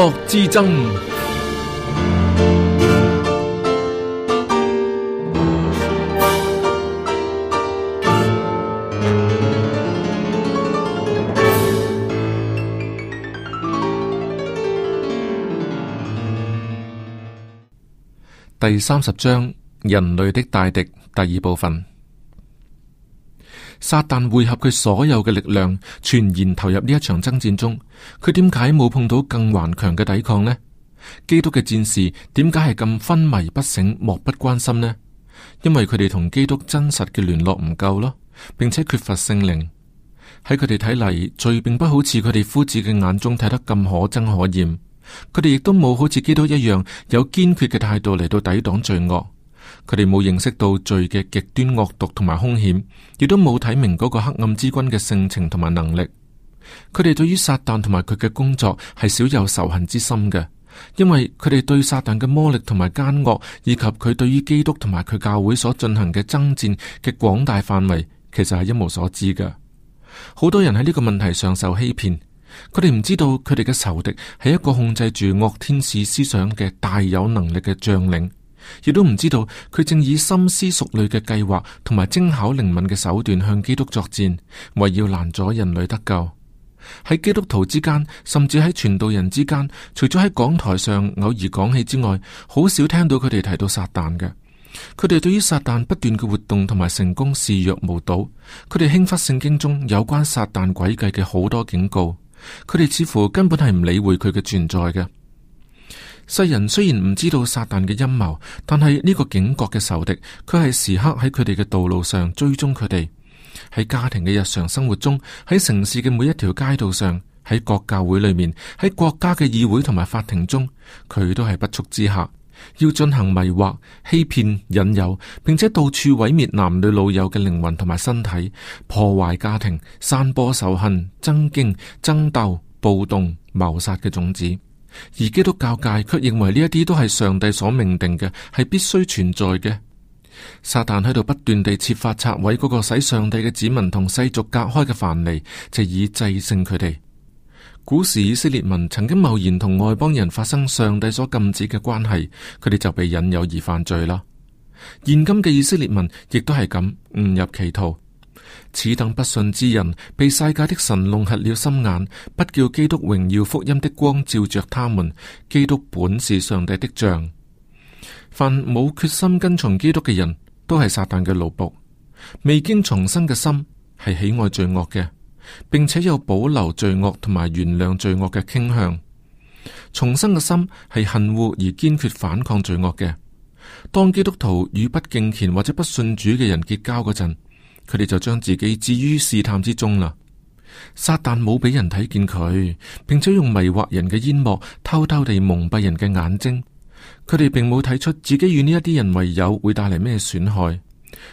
國之爭，第三十章：人類的大敵，第二部分。撒旦匯合佢所有嘅力量，全然投入呢一場爭戰中。佢點解冇碰到更頑強嘅抵抗呢？基督嘅戰士點解係咁昏迷不醒、漠不關心呢？因為佢哋同基督真實嘅聯絡唔夠咯，並且缺乏聖靈。喺佢哋睇嚟，罪並不好似佢哋夫子嘅眼中睇得咁可憎可厭。佢哋亦都冇好似基督一樣有堅決嘅態度嚟到抵擋罪惡。佢哋冇認識到罪嘅極端惡毒同埋凶險，亦都冇睇明嗰個黑暗之君嘅性情同埋能力。佢哋對於撒旦同埋佢嘅工作係少有仇恨之心嘅，因為佢哋對撒旦嘅魔力同埋奸惡，以及佢對於基督同埋佢教會所進行嘅爭戰嘅廣大範圍，其實係一無所知嘅。好多人喺呢個問題上受欺騙，佢哋唔知道佢哋嘅仇敵係一個控制住惡天使思想嘅大有能力嘅將領。亦都唔知道佢正以深思熟慮嘅計劃同埋精巧靈敏嘅手段向基督作戰，為要攔阻人類得救。喺基督徒之間，甚至喺傳道人之間，除咗喺講台上偶爾講起之外，好少聽到佢哋提到撒旦嘅。佢哋對於撒旦不斷嘅活動同埋成功視若無睹，佢哋輕忽聖經中有關撒旦詭計嘅好多警告，佢哋似乎根本係唔理會佢嘅存在嘅。世人雖然唔知道撒旦嘅陰謀，但係呢個警覺嘅仇敵，佢係時刻喺佢哋嘅道路上追蹤佢哋，喺家庭嘅日常生活中，喺城市嘅每一條街道上，喺國教會裏面，喺國家嘅議會同埋法庭中，佢都係不速之客，要進行迷惑、欺騙、引誘，並且到處毀滅男女老幼嘅靈魂同埋身體，破壞家庭，散播仇恨、爭競、爭鬥、暴動、謀殺嘅種子。而基督教界卻認為呢一啲都係上帝所命定嘅，係必須存在嘅。撒旦喺度不斷地設法拆毀嗰個使上帝嘅子民同世俗隔開嘅藩籬，藉以制勝佢哋。古時以色列民曾經貿然同外邦人發生上帝所禁止嘅關係，佢哋就被引誘而犯罪啦。現今嘅以色列民亦都係咁誤入歧途。此等不信之人，被世界的神弄瞎了心眼，不叫基督榮耀福音的光照着他們。基督本是上帝的像，凡冇決心跟從基督嘅人，都係撒旦嘅奴僕。未經重生嘅心係喜愛罪惡嘅，並且有保留罪惡同埋原諒罪惡嘅傾向。重生嘅心係恨惡而堅決反抗罪惡嘅。當基督徒與不敬虔或者不信主嘅人結交嗰陣。佢哋就將自己置於試探之中啦。撒旦冇俾人睇見佢，並且用迷惑人嘅煙幕偷偷地蒙蔽人嘅眼睛。佢哋並冇睇出自己與呢一啲人為友會帶嚟咩損害。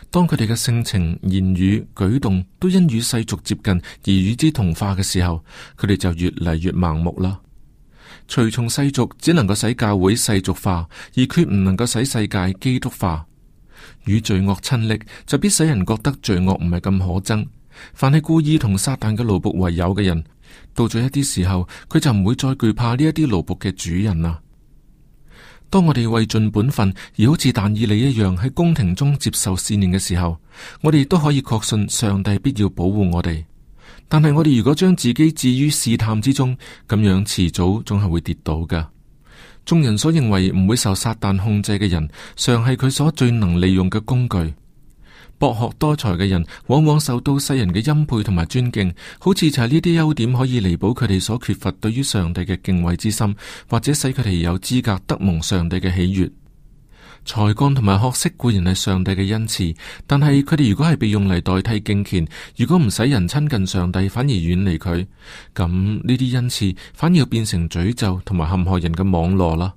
當佢哋嘅性情、言語、舉動都因與世俗接近而與之同化嘅時候，佢哋就越嚟越盲目啦。隨從世俗，只能夠使教會世俗化，而決唔能夠使世界基督化。與罪惡親歷，就必使人覺得罪惡唔係咁可憎。凡係故意同撒旦嘅奴僕為友嘅人，到咗一啲時候，佢就唔會再懼怕呢一啲奴僕嘅主人啦。當我哋為盡本分而好似但以理一樣喺宮廷中接受試煉嘅時候，我哋都可以確信上帝必要保護我哋。但係我哋如果將自己置於試探之中，咁樣遲早總係會跌倒噶。眾人所認為唔會受撒旦控制嘅人，常係佢所最能利用嘅工具。博學多才嘅人，往往受到世人嘅欽佩同埋尊敬，好似就係呢啲優點可以彌補佢哋所缺乏對於上帝嘅敬畏之心，或者使佢哋有資格得蒙上帝嘅喜悦。才幹同埋學識固然係上帝嘅恩賜，但係佢哋如果係被用嚟代替敬虔，如果唔使人親近上帝，反而遠離佢，咁呢啲恩賜反而要變成詛咒，同埋陷害人嘅網絡啦。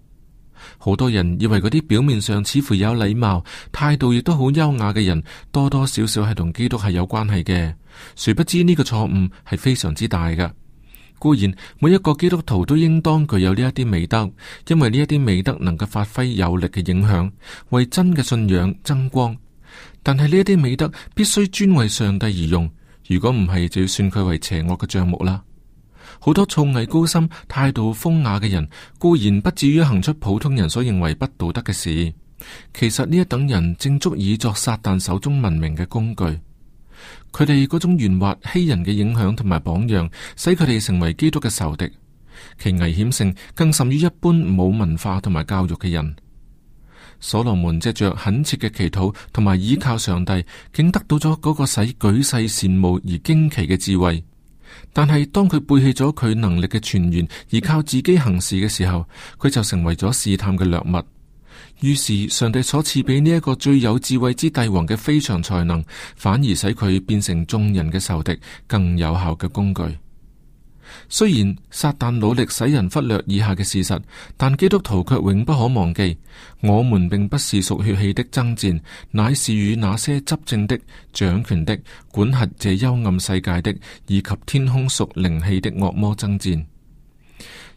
好多人以為嗰啲表面上似乎有禮貌、態度亦都好優雅嘅人，多多少少係同基督係有關係嘅，殊不知呢個錯誤係非常之大㗎。固然，每一個基督徒都應當具有呢一啲美德，因為呢一啲美德能夠發揮有力嘅影響，為真嘅信仰增光。但係呢一啲美德必須專為上帝而用，如果唔係，就要算佢為邪惡嘅賬目啦。好多造詣高深、態度風雅嘅人，固然不至於行出普通人所認為不道德嘅事，其實呢一等人正足以作撒旦手中文明嘅工具。佢哋嗰種圓滑欺人嘅影響同埋榜樣，使佢哋成為基督嘅仇敵，其危險性更甚於一般冇文化同埋教育嘅人。所羅門藉着懇切嘅祈禱同埋依靠上帝，竟得到咗嗰個使舉世羨慕而驚奇嘅智慧。但係當佢背棄咗佢能力嘅泉源而靠自己行事嘅時候，佢就成為咗試探嘅掠物。於是，上帝所賜俾呢一個最有智慧之帝王嘅非常才能，反而使佢變成眾人嘅仇敵，更有效嘅工具。雖然撒旦努力使人忽略以下嘅事實，但基督徒卻永不可忘記，我們並不是屬血氣的爭戰，乃是與那些執政的、掌權的、管轄這幽暗世界的，以及天空屬靈氣的惡魔爭戰。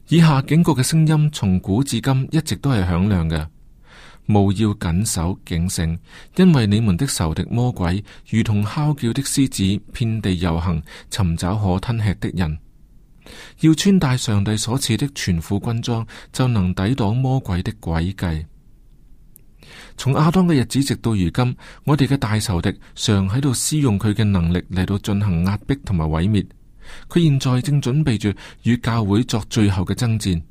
以下警告嘅聲音從古至今一直都係響亮嘅。務要謹守警醒，因為你們的仇敵魔鬼如同吼叫的獅子，遍地遊行，尋找可吞吃的人。要穿戴上帝所賜的全副軍裝，就能抵擋魔鬼的詭計。從亞當嘅日子直到如今，我哋嘅大仇敵常喺度施用佢嘅能力嚟到進行壓迫同埋毀滅。佢現在正準備住與教會作最後嘅爭戰。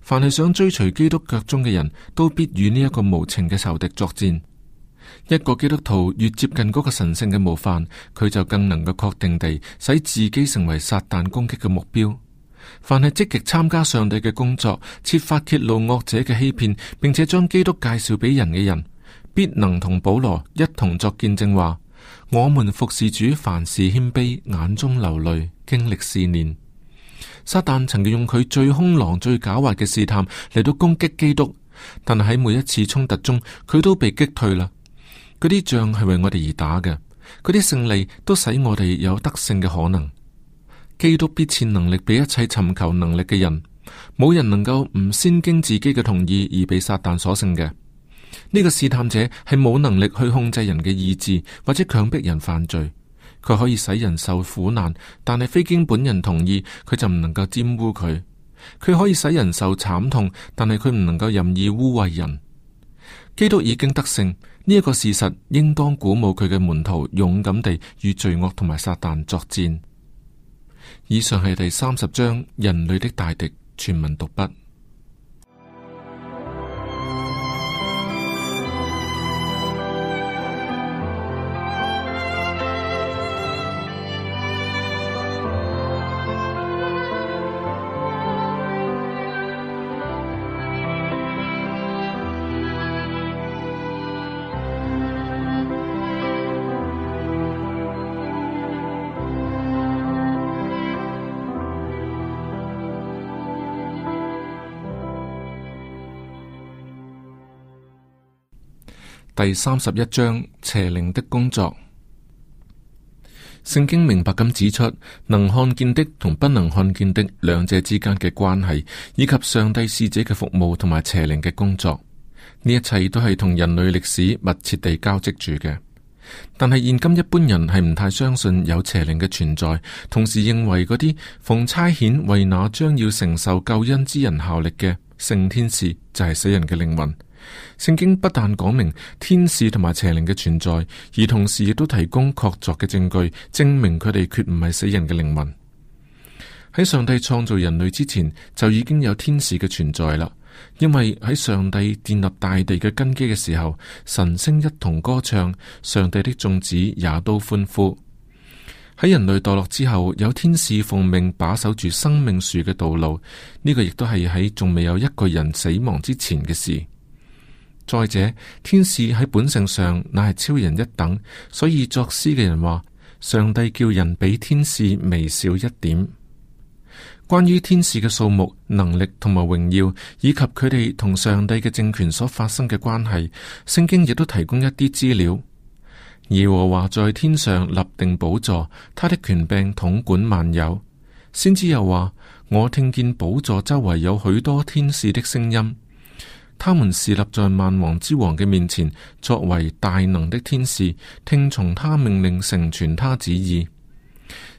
凡係想追隨基督腳蹤嘅人都必與呢一個無情嘅仇敵作戰。一個基督徒越接近嗰個神聖嘅模範，佢就更能夠確定地使自己成為撒旦攻擊嘅目標。凡係積極參加上帝嘅工作，設法揭露惡者嘅欺騙，並且將基督介紹俾人嘅人，必能同保羅一同作見證話：我們服侍主，凡事謙卑，眼中流淚，經歷試煉。撒旦曾經用佢最凶狼、最狡猾嘅試探嚟到攻擊基督，但係喺每一次衝突中，佢都被擊退啦。嗰啲仗係為我哋而打嘅，嗰啲勝利都使我哋有得勝嘅可能。基督必賜能力俾一切尋求能力嘅人，冇人能夠唔先經自己嘅同意而被撒旦所勝嘅。呢、這個試探者係冇能力去控制人嘅意志，或者強迫人犯罪。佢可以使人受苦難，但係非經本人同意，佢就唔能夠玷污佢。佢可以使人受慘痛，但係佢唔能夠任意污穢人。基督已經得勝，呢、這、一個事實應當鼓舞佢嘅門徒勇敢地與罪惡同埋撒旦作戰。以上係第三十章人類的大敵，全文讀畢。第三十一章，邪靈的工作。聖經明白咁指出，能看見的同不能看見的兩者之間嘅關係，以及上帝使者嘅服務同埋邪靈嘅工作，呢一切都係同人類歷史密切地交織住嘅。但係現今一般人係唔太相信有邪靈嘅存在，同時認為嗰啲奉差遣為那將要承受救恩之人效力嘅聖天使就係死人嘅靈魂。聖經不但講明天使同埋邪靈嘅存在，而同時亦都提供確鑿嘅證據，證明佢哋決唔係死人嘅靈魂。喺上帝創造人類之前，就已經有天使嘅存在啦。因為喺上帝建立大地嘅根基嘅時候，晨星一同歌唱，上帝的眾子也都歡呼。喺人類墮落之後，有天使奉命把守住生命樹嘅道路。呢個亦都係喺仲未有一個人死亡之前嘅事。再者，天使喺本性上，乃係超人一等，所以作詩嘅人話：上帝叫人比天使微小一點。關於天使嘅數目、能力同埋榮耀，以及佢哋同上帝嘅政權所發生嘅關係，聖經亦都提供一啲資料。耶和華在天上立定寶座，他的權柄統管萬有。先知又話：我聽見寶座周圍有許多天使的聲音。他們是立在萬王之王嘅面前，作為大能的天使，聽從他命令，成全他旨意。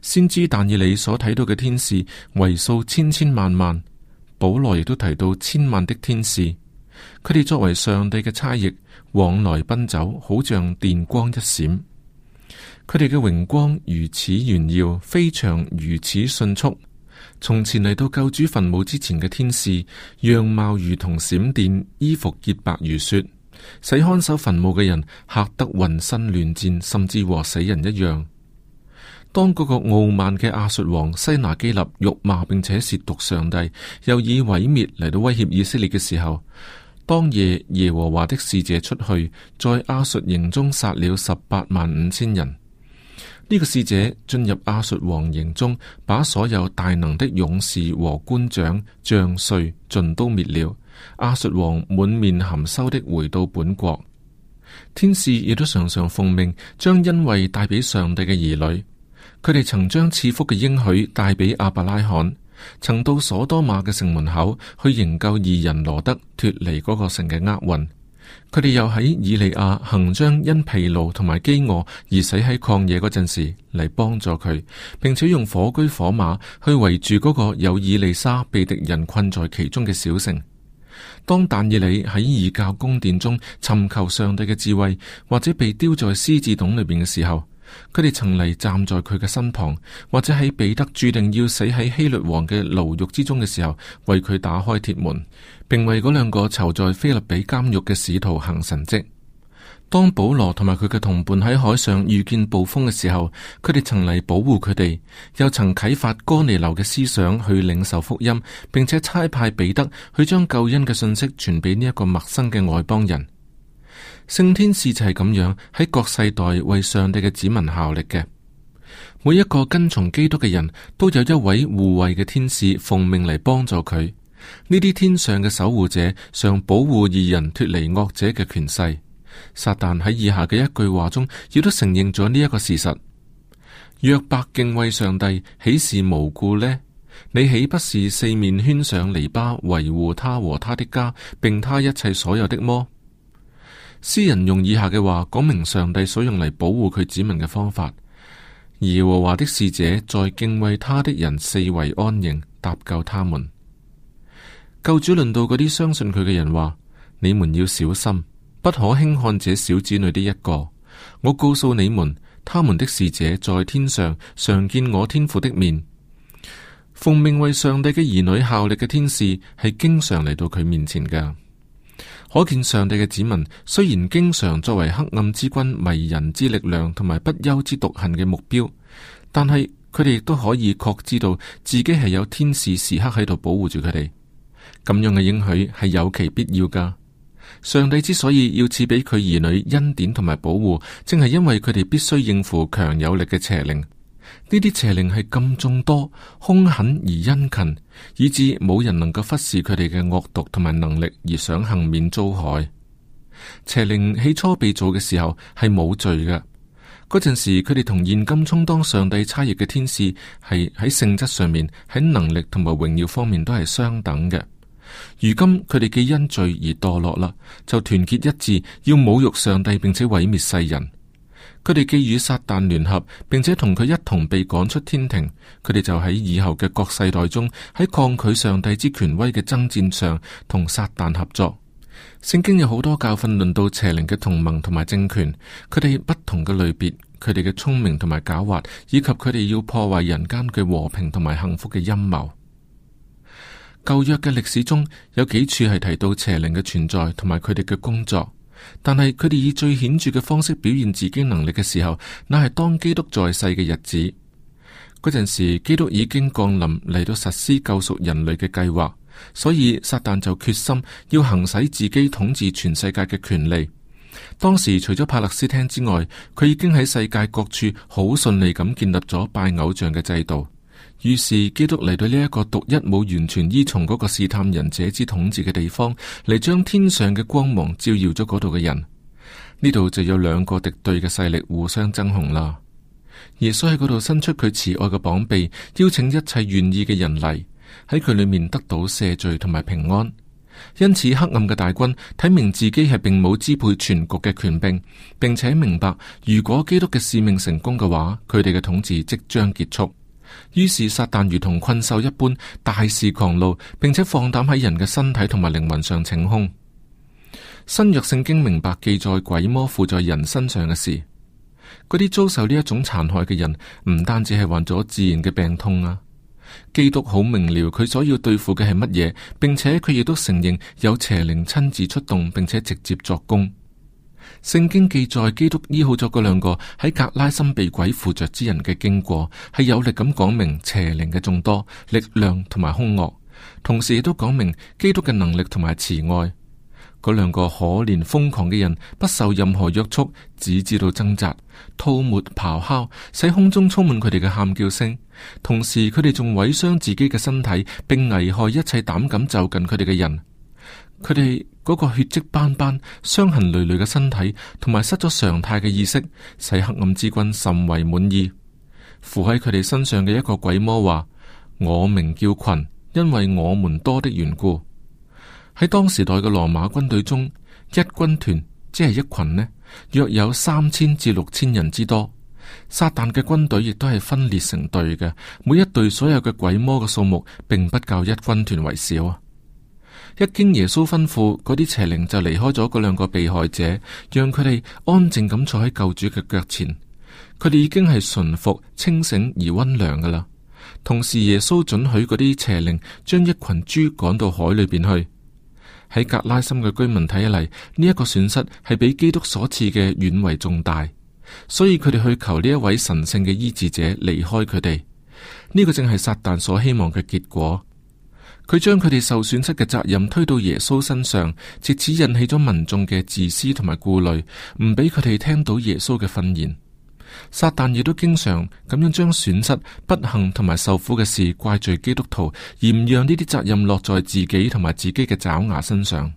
先知但以理所睇到嘅天使，為數千千萬萬。保羅亦都提到千萬的天使，佢哋作為上帝嘅差役，往來奔走，好像電光一閃。佢哋嘅榮光如此炫耀，非常如此迅速。從前嚟到救主墳墓之前嘅天使，樣貌如同閃電，衣服潔白如雪，使看守墳墓嘅人嚇得渾身亂戰，甚至和死人一樣。當嗰個傲慢嘅亞述王西拿基立辱罵並且褻瀆上帝，又以毀滅嚟到威脅以色列嘅時候，當夜耶和華的使者出去，在亞述營中殺了十八萬五千人。呢個侍者進入亞述王營中，把所有大能的勇士和官長、將帥盡都滅了。亞述王滿面含羞的回到本國。天使亦都常常奉命將恩惠帶俾上帝嘅兒女。佢哋曾將賜福嘅應許帶俾亞伯拉罕，曾到所多瑪嘅城門口去營救義人羅得脫離嗰個城嘅厄運。佢哋又喺以利亞行將因疲勞同埋飢餓而死喺曠野嗰陣時，嚟幫助佢，並且用火駒火馬去圍住嗰個有以利沙被敵人困在其中嘅小城。當但以理喺異教宮殿中尋求上帝嘅智慧，或者被丟在獅子洞裏邊嘅時候。佢哋曾嚟站在佢嘅身旁，或者喺彼得注定要死喺希律王嘅牢獄之中嘅時候，為佢打開鐵門，並為嗰兩個囚在腓立比監獄嘅使徒行神蹟。當保羅同埋佢嘅同伴喺海上遇見暴風嘅時候，佢哋曾嚟保護佢哋，又曾啟發哥尼流嘅思想去領受福音，並且差派彼得去將救恩嘅信息傳俾呢一個陌生嘅外邦人。聖天使就係咁樣喺各世代為上帝嘅子民效力嘅。每一個跟從基督嘅人都有一位護衛嘅天使奉命嚟幫助佢。呢啲天上嘅守護者常保護二人脫離惡者嘅權勢。撒旦喺以下嘅一句話中亦都承認咗呢一個事實：若白敬畏上帝，豈是無故呢？你豈不是四面圈上籬笆，維護他和他的家，並他一切所有的麼？詩人用以下嘅話講明上帝所用嚟保護佢子民嘅方法，耶和華的使者在敬畏他的人四圍安營，搭救他們。救主論到嗰啲相信佢嘅人話：你們要小心，不可輕看這小子女的一個。我告訴你們，他們的使者在天上常見我天父的面，奉命為上帝嘅兒女效力嘅天使係經常嚟到佢面前㗎。可見上帝嘅子民雖然經常作為黑暗之君、迷人之力量同埋不休之毒恨嘅目標，但係佢哋亦都可以確知道自己係有天使時刻喺度保護住佢哋。咁樣嘅應許係有其必要噶。上帝之所以要賜俾佢兒女恩典同埋保護，正係因為佢哋必須應付強有力嘅邪靈。呢啲邪靈係咁眾多，兇狠而殷勤，以致冇人能夠忽視佢哋嘅惡毒同埋能力而想幸免遭害。邪靈起初被造嘅時候係冇罪嘅，嗰陣時佢哋同現今充當上帝差役嘅天使係喺性質上面、喺能力同埋榮耀方面都係相等嘅。如今佢哋既因罪而墮落啦，就團結一致要侮辱上帝並且毀滅世人。佢哋既與撒旦聯合，並且同佢一同被趕出天庭，佢哋就喺以後嘅各世代中喺抗拒上帝之權威嘅爭戰上同撒旦合作。聖經有好多教訓論到邪靈嘅同盟同埋政權，佢哋不同嘅類別，佢哋嘅聰明同埋狡猾，以及佢哋要破壞人間嘅和平同埋幸福嘅陰謀。舊約嘅歷史中有幾處係提到邪靈嘅存在同埋佢哋嘅工作。但係佢哋以最顯著嘅方式表現自己能力嘅時候，乃係當基督在世嘅日子。嗰陣時，基督已經降臨嚟到實施救贖人類嘅計劃，所以撒旦就決心要行使自己統治全世界嘅權利。當時除咗帕勒斯汀之外，佢已經喺世界各處好順利咁建立咗拜偶像嘅制度。於是基督嚟到，呢一個獨一冇完全依從嗰個試探人者之統治嘅地方，嚟將天上嘅光芒照耀咗嗰度嘅人。呢度就有兩個敵對嘅勢力互相爭雄啦。耶穌喺嗰度伸出佢慈愛嘅膀臂，邀請一切願意嘅人嚟喺佢裏面得到赦罪同埋平安。因此黑暗嘅大君睇明自己係並冇支配全局嘅權柄，並且明白如果基督嘅使命成功嘅話，佢哋嘅統治即將結束。於是撒旦如同困獸一般大肆狂怒，並且放膽喺人嘅身體同埋靈魂上逞凶。新約聖經明白記載鬼魔附在人身上嘅事，嗰啲遭受呢一種殘害嘅人唔單止係患咗自然嘅病痛啊。基督好明了佢所要對付嘅係乜嘢，並且佢亦都承認有邪靈親自出動，並且直接作供。聖經記載基督醫好咗嗰兩個喺格拉森被鬼附着之人嘅經過，係有力咁講明邪靈嘅眾多、力量同埋兇惡，同時亦都講明基督嘅能力同埋慈愛。嗰兩個可憐瘋狂嘅人不受任何約束，只知道掙扎、吐沫、咆哮，使空中充滿佢哋嘅喊叫聲。同時佢哋仲毀傷自己嘅身體，並危害一切膽敢就近佢哋嘅人。佢哋嗰個血跡斑斑、傷痕累累嘅身體，同埋失咗常態嘅意識，使黑暗之君甚為滿意。附喺佢哋身上嘅一個鬼魔話：「我名叫群，因為我們多的緣故。」喺當時代嘅羅馬軍隊中，一軍團即係一群呢，約有三千至六千人之多。撒旦嘅軍隊亦都係分裂成隊嘅，每一隊所有嘅鬼魔嘅數目，並不夠一軍團為少啊。一經耶穌吩咐，嗰啲邪靈就離開咗嗰兩個被害者，讓佢哋安靜咁坐喺救主嘅腳前。佢哋已經係順服、清醒而溫良噶啦。同時，耶穌准許嗰啲邪靈將一群豬趕到海裏邊去。喺格拉森嘅居民睇嚟，呢一個損失係比基督所賜嘅遠為重大，所以佢哋去求呢一位神聖嘅醫治者離開佢哋。呢個正係撒旦所希望嘅結果。佢將佢哋受損失嘅責任推到耶穌身上，借此引起咗民眾嘅自私同埋顧慮，唔俾佢哋聽到耶穌嘅訓言。撒旦亦都經常咁樣將損失、不幸同埋受苦嘅事怪罪基督徒，而唔讓呢啲責任落在自己同埋自己嘅爪牙身上。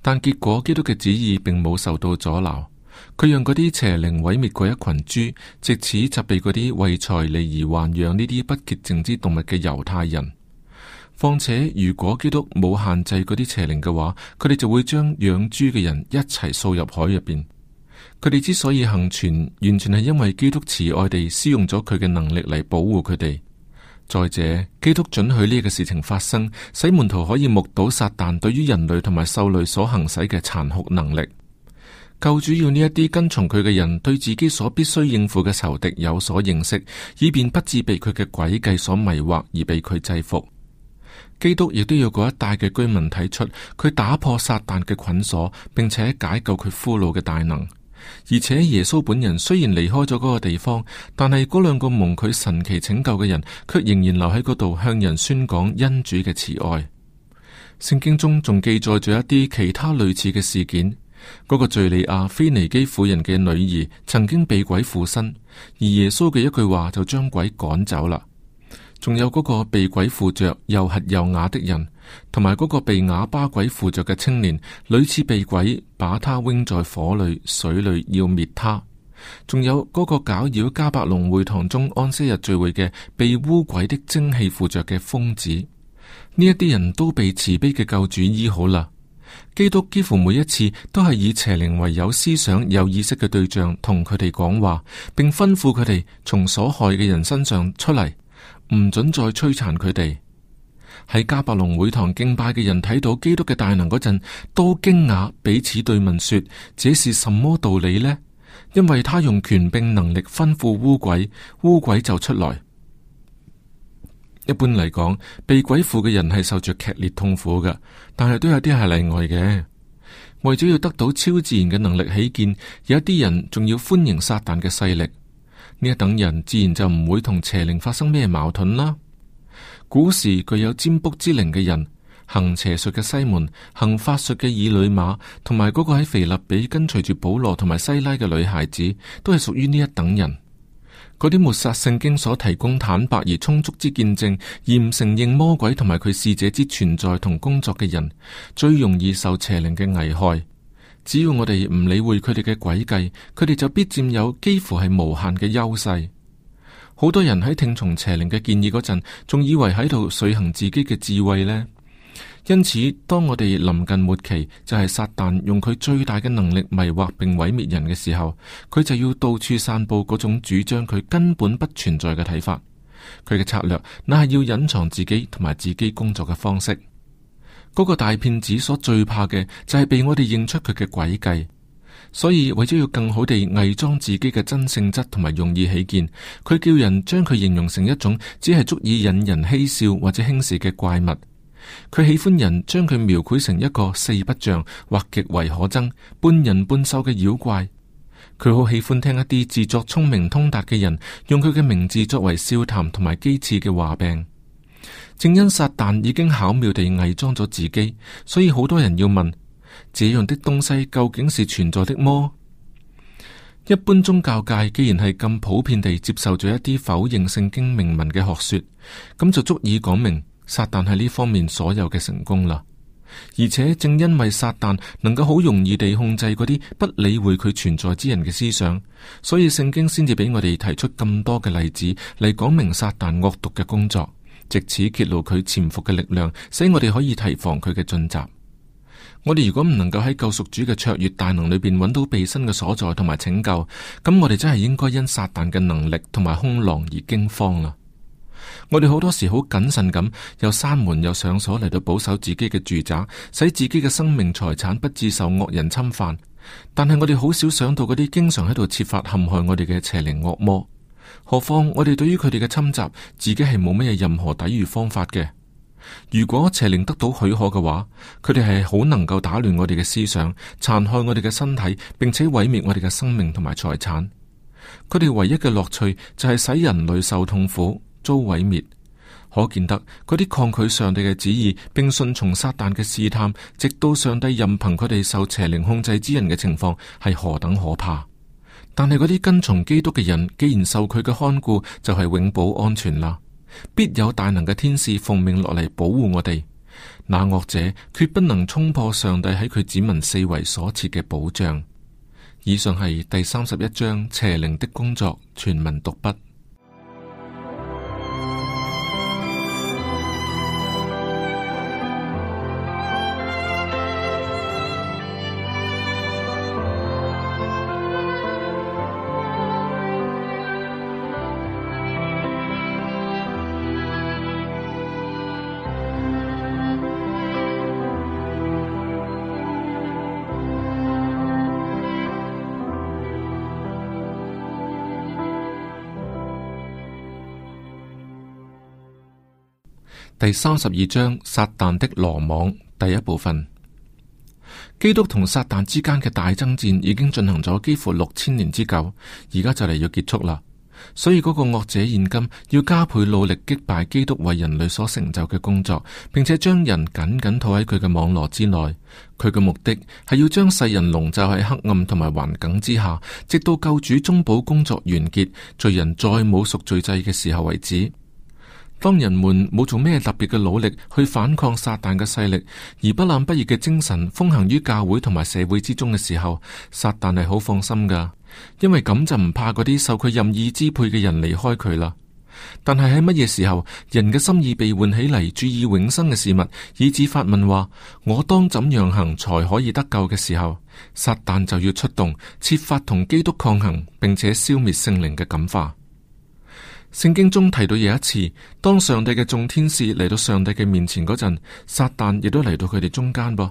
但結果，基督嘅旨意並冇受到阻撓。佢讓嗰啲邪靈毀滅過一群豬，借此責備嗰啲為財利而豢養呢啲不潔淨之動物嘅猶太人。況且，如果基督冇限制嗰啲邪靈嘅話，佢哋就會將養豬嘅人一齊掃入海入邊。佢哋之所以幸存，完全係因為基督慈愛地施用咗佢嘅能力嚟保護佢哋。再者，基督准許呢個事情發生，使門徒可以目睹撒旦對於人類同埋獸類所行使嘅殘酷能力。舊主要呢一啲跟從佢嘅人，對自己所必須應付嘅仇敵有所認識，以便不至被佢嘅詭計所迷惑而被佢制服。基督亦都有嗰一帶嘅居民睇出佢打破撒旦嘅捆鎖，並且解救佢俘虜嘅大能。而且耶穌本人雖然離開咗嗰個地方，但係嗰兩個蒙佢神奇拯救嘅人，卻仍然留喺嗰度向人宣講恩主嘅慈愛。聖經中仲記載咗一啲其他類似嘅事件。嗰個敘利亞菲尼基婦人嘅女兒曾經被鬼附身，而耶穌嘅一句話就將鬼趕走啦。仲有嗰個被鬼附着又瞎又啞的人，同埋嗰個被啞巴鬼附着嘅青年，屢次被鬼把他扔在火裏、水裏，要滅他。仲有嗰個攪擾迦百農會堂中安息日聚會嘅被污鬼的精氣附着嘅瘋子，呢一啲人都被慈悲嘅救主醫好啦。基督幾乎每一次都係以邪靈為有思想、有意識嘅對象，同佢哋講話，並吩咐佢哋從所害嘅人身上出嚟。唔准再摧殘佢哋。喺迦百農會堂敬拜嘅人睇到基督嘅大能嗰陣，都驚訝彼此對問說：這是什麼道理呢？因為他用權柄能力吩咐污鬼，污鬼就出來。一般嚟講，被鬼附嘅人係受着劇烈痛苦嘅，但係都有啲係例外嘅。為咗要得到超自然嘅能力起見，有一啲人仲要歡迎撒旦嘅勢力。呢一等人自然就唔會同邪靈發生咩矛盾啦。古時具有占卜之靈嘅人，行邪術嘅西門，行法術嘅以呂馬，同埋嗰個喺腓立比跟隨住保羅同埋西拉嘅女孩子，都係屬於呢一等人。嗰啲抹殺聖經所提供坦白而充足之見證，而唔承認魔鬼同埋佢使者之存在同工作嘅人，最容易受邪靈嘅危害。只要我哋唔理會佢哋嘅詭計，佢哋就必佔有幾乎係無限嘅優勢。好多人喺聽從邪靈嘅建議嗰陣，仲以為喺度隨行自己嘅智慧咧。因此，當我哋臨近末期，就係撒旦用佢最大嘅能力迷惑並毀滅人嘅時候，佢就要到處散布嗰種主張佢根本不存在嘅睇法。佢嘅策略，那係要隱藏自己同埋自己工作嘅方式。嗰個大騙子所最怕嘅就係、是、被我哋認出佢嘅詭計，所以為咗要更好地偽裝自己嘅真性質同埋容易起見，佢叫人將佢形容成一種只係足以引人嬉笑或者輕視嘅怪物。佢喜歡人將佢描繪成一個四不像或極為可憎、半人半獸嘅妖怪。佢好喜歡聽一啲自作聰明通達嘅人用佢嘅名字作為笑談同埋譏刺嘅話柄。正因撒旦已經巧妙地偽裝咗自己，所以好多人要問：這樣的東西究竟是存在的麼？一般宗教界既然係咁普遍地接受咗一啲否認聖經明文嘅學說，咁就足以講明撒旦係呢方面所有嘅成功啦。而且正因為撒旦能夠好容易地控制嗰啲不理會佢存在之人嘅思想，所以聖經先至俾我哋提出咁多嘅例子嚟講明撒旦惡毒嘅工作。借此揭露佢潛伏嘅力量，使我哋可以提防佢嘅進襲。我哋如果唔能夠喺救贖主嘅卓越大能裏邊揾到避身嘅所在同埋拯救，咁我哋真係應該因撒旦嘅能力同埋凶狼而驚慌啦。我哋好多時好謹慎咁，又閂門又上鎖嚟到保守自己嘅住宅，使自己嘅生命財產不致受惡人侵犯。但係我哋好少想到嗰啲經常喺度設法陷害我哋嘅邪靈惡魔。何況我哋對於佢哋嘅侵襲，自己係冇咩任何抵御方法嘅。如果邪靈得到許可嘅話，佢哋係好能夠打亂我哋嘅思想，殘害我哋嘅身體，並且毀滅我哋嘅生命同埋財產。佢哋唯一嘅樂趣就係使人類受痛苦、遭毀滅。可見得，嗰啲抗拒上帝嘅旨意，並順從撒旦嘅試探，直到上帝任憑佢哋受邪靈控制之人嘅情況，係何等可怕！但係嗰啲跟從基督嘅人，既然受佢嘅看顧，就係永保安全啦。必有大能嘅天使奉命落嚟保護我哋，那惡者決不能衝破上帝喺佢指紋四圍所設嘅保障。以上係第三十一章邪靈的工作，全文讀畢。第三十二章，撒旦的羅網第一部分，基督同撒旦之間嘅大爭戰已經進行咗幾乎六千年之久，而家就嚟要結束啦。所以嗰個惡者現今要加倍努力擊敗基督為人類所成就嘅工作，並且將人緊緊套喺佢嘅網羅之內。佢嘅目的係要將世人籠罩喺黑暗同埋環境之下，直到救主中保工作完結，罪人再冇贖罪祭嘅時候為止。當人們冇做咩特別嘅努力去反抗撒旦嘅勢力，而不冷不熱嘅精神風行於教會同埋社會之中嘅時候，撒旦係好放心噶，因為咁就唔怕嗰啲受佢任意支配嘅人離開佢啦。但係喺乜嘢時候，人嘅心意被喚起嚟，注意永生嘅事物，以至發問話，我當怎樣行才可以得救嘅時候，撒旦就要出動，設法同基督抗衡，並且消滅聖靈嘅感化。聖經中提到有一次，當上帝嘅眾天使嚟到上帝嘅面前嗰陣，撒旦亦都嚟到佢哋中間噃。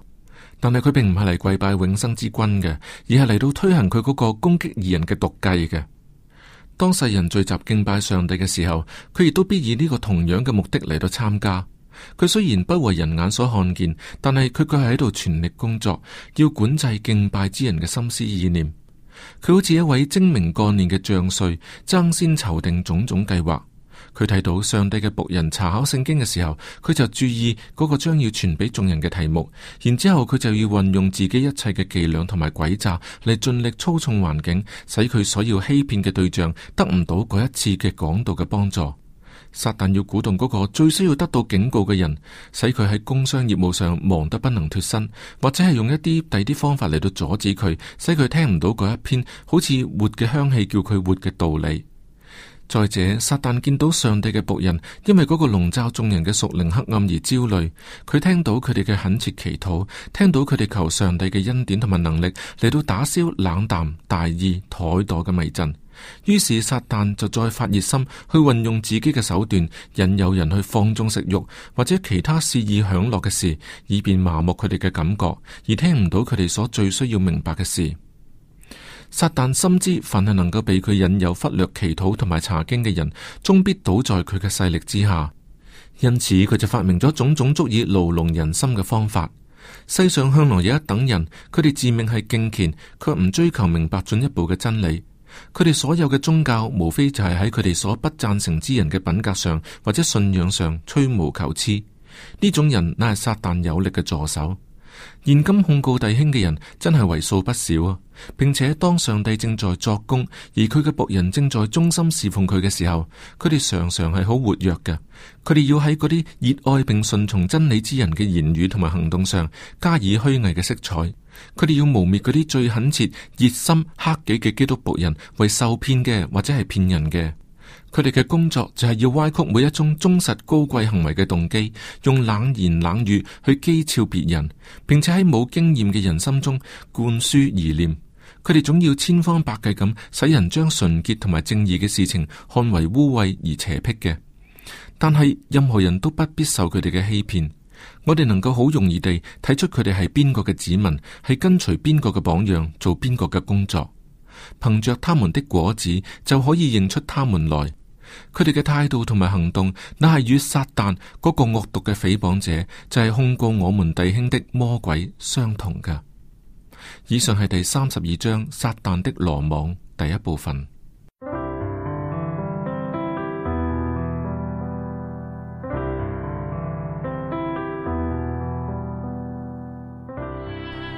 但係佢並唔係嚟跪拜永生之君嘅，而係嚟到推行佢嗰個攻擊義人嘅毒計嘅。當世人聚集敬拜上帝嘅時候，佢亦都必以呢個同樣嘅目的嚟到參加。佢雖然不為人眼所看見，但係佢卻係喺度全力工作，要管制敬拜之人嘅心思意念。佢好似一位精明幹練嘅將帥，爭先籌定種種計劃。佢睇到上帝嘅僕人查考聖經嘅時候，佢就注意嗰個將要傳俾眾人嘅題目，然之後佢就要運用自己一切嘅伎倆同埋詭詐，嚟盡力操縱環境，使佢所要欺騙嘅對象得唔到嗰一次嘅講道嘅幫助。撒旦要鼓動嗰個最需要得到警告嘅人，使佢喺工商業務上忙得不能脱身，或者係用一啲第啲方法嚟到阻止佢，使佢聽唔到嗰一篇好似活嘅香氣叫佢活嘅道理。再者，撒旦見到上帝嘅僕人，因為嗰個籠罩眾人嘅屬靈黑暗而焦慮，佢聽到佢哋嘅懇切祈禱，聽到佢哋求上帝嘅恩典同埋能力嚟到打消冷淡、大意、怠惰嘅迷陣。於是撒旦就再發熱心去運用自己嘅手段，引誘人去放縱食欲或者其他肆意享樂嘅事，以便麻木佢哋嘅感覺，而聽唔到佢哋所最需要明白嘅事。撒旦深知凡係能夠被佢引誘忽略祈禱同埋查經嘅人，終必倒在佢嘅勢力之下。因此佢就發明咗種種足以牢籠人心嘅方法。世上向來有一等人，佢哋自命係敬虔，卻唔追求明白進一步嘅真理。佢哋所有嘅宗教，無非就係喺佢哋所不贊成之人嘅品格上，或者信仰上吹毛求疵。呢種人乃係撒旦有力嘅助手。現今控告弟兄嘅人真係為數不少啊！並且當上帝正在作工，而佢嘅僕人正在忠心侍奉佢嘅時候，佢哋常常係好活躍嘅。佢哋要喺嗰啲熱愛並順從真理之人嘅言語同埋行動上加以虛偽嘅色彩。佢哋要誣衊嗰啲最懇切、熱心、克己嘅基督僕人為受騙嘅或者係騙人嘅，佢哋嘅工作就係要歪曲每一宗忠實高貴行為嘅動機，用冷言冷語去譏誚別人，並且喺冇經驗嘅人心中灌輸疑念。佢哋總要千方百計咁使人將純潔同埋正義嘅事情看為污穢而邪僻嘅，但係任何人都不必受佢哋嘅欺騙。我哋能夠好容易地睇出佢哋係邊個嘅子民，係跟隨邊個嘅榜樣，做邊個嘅工作。憑着他們的果子就可以認出他們來。佢哋嘅態度同埋行動，那係與撒但嗰個惡毒嘅誹謗者，就係、是、控告我們弟兄的魔鬼相同嘅。以上係第三十二章撒但的羅網第一部分。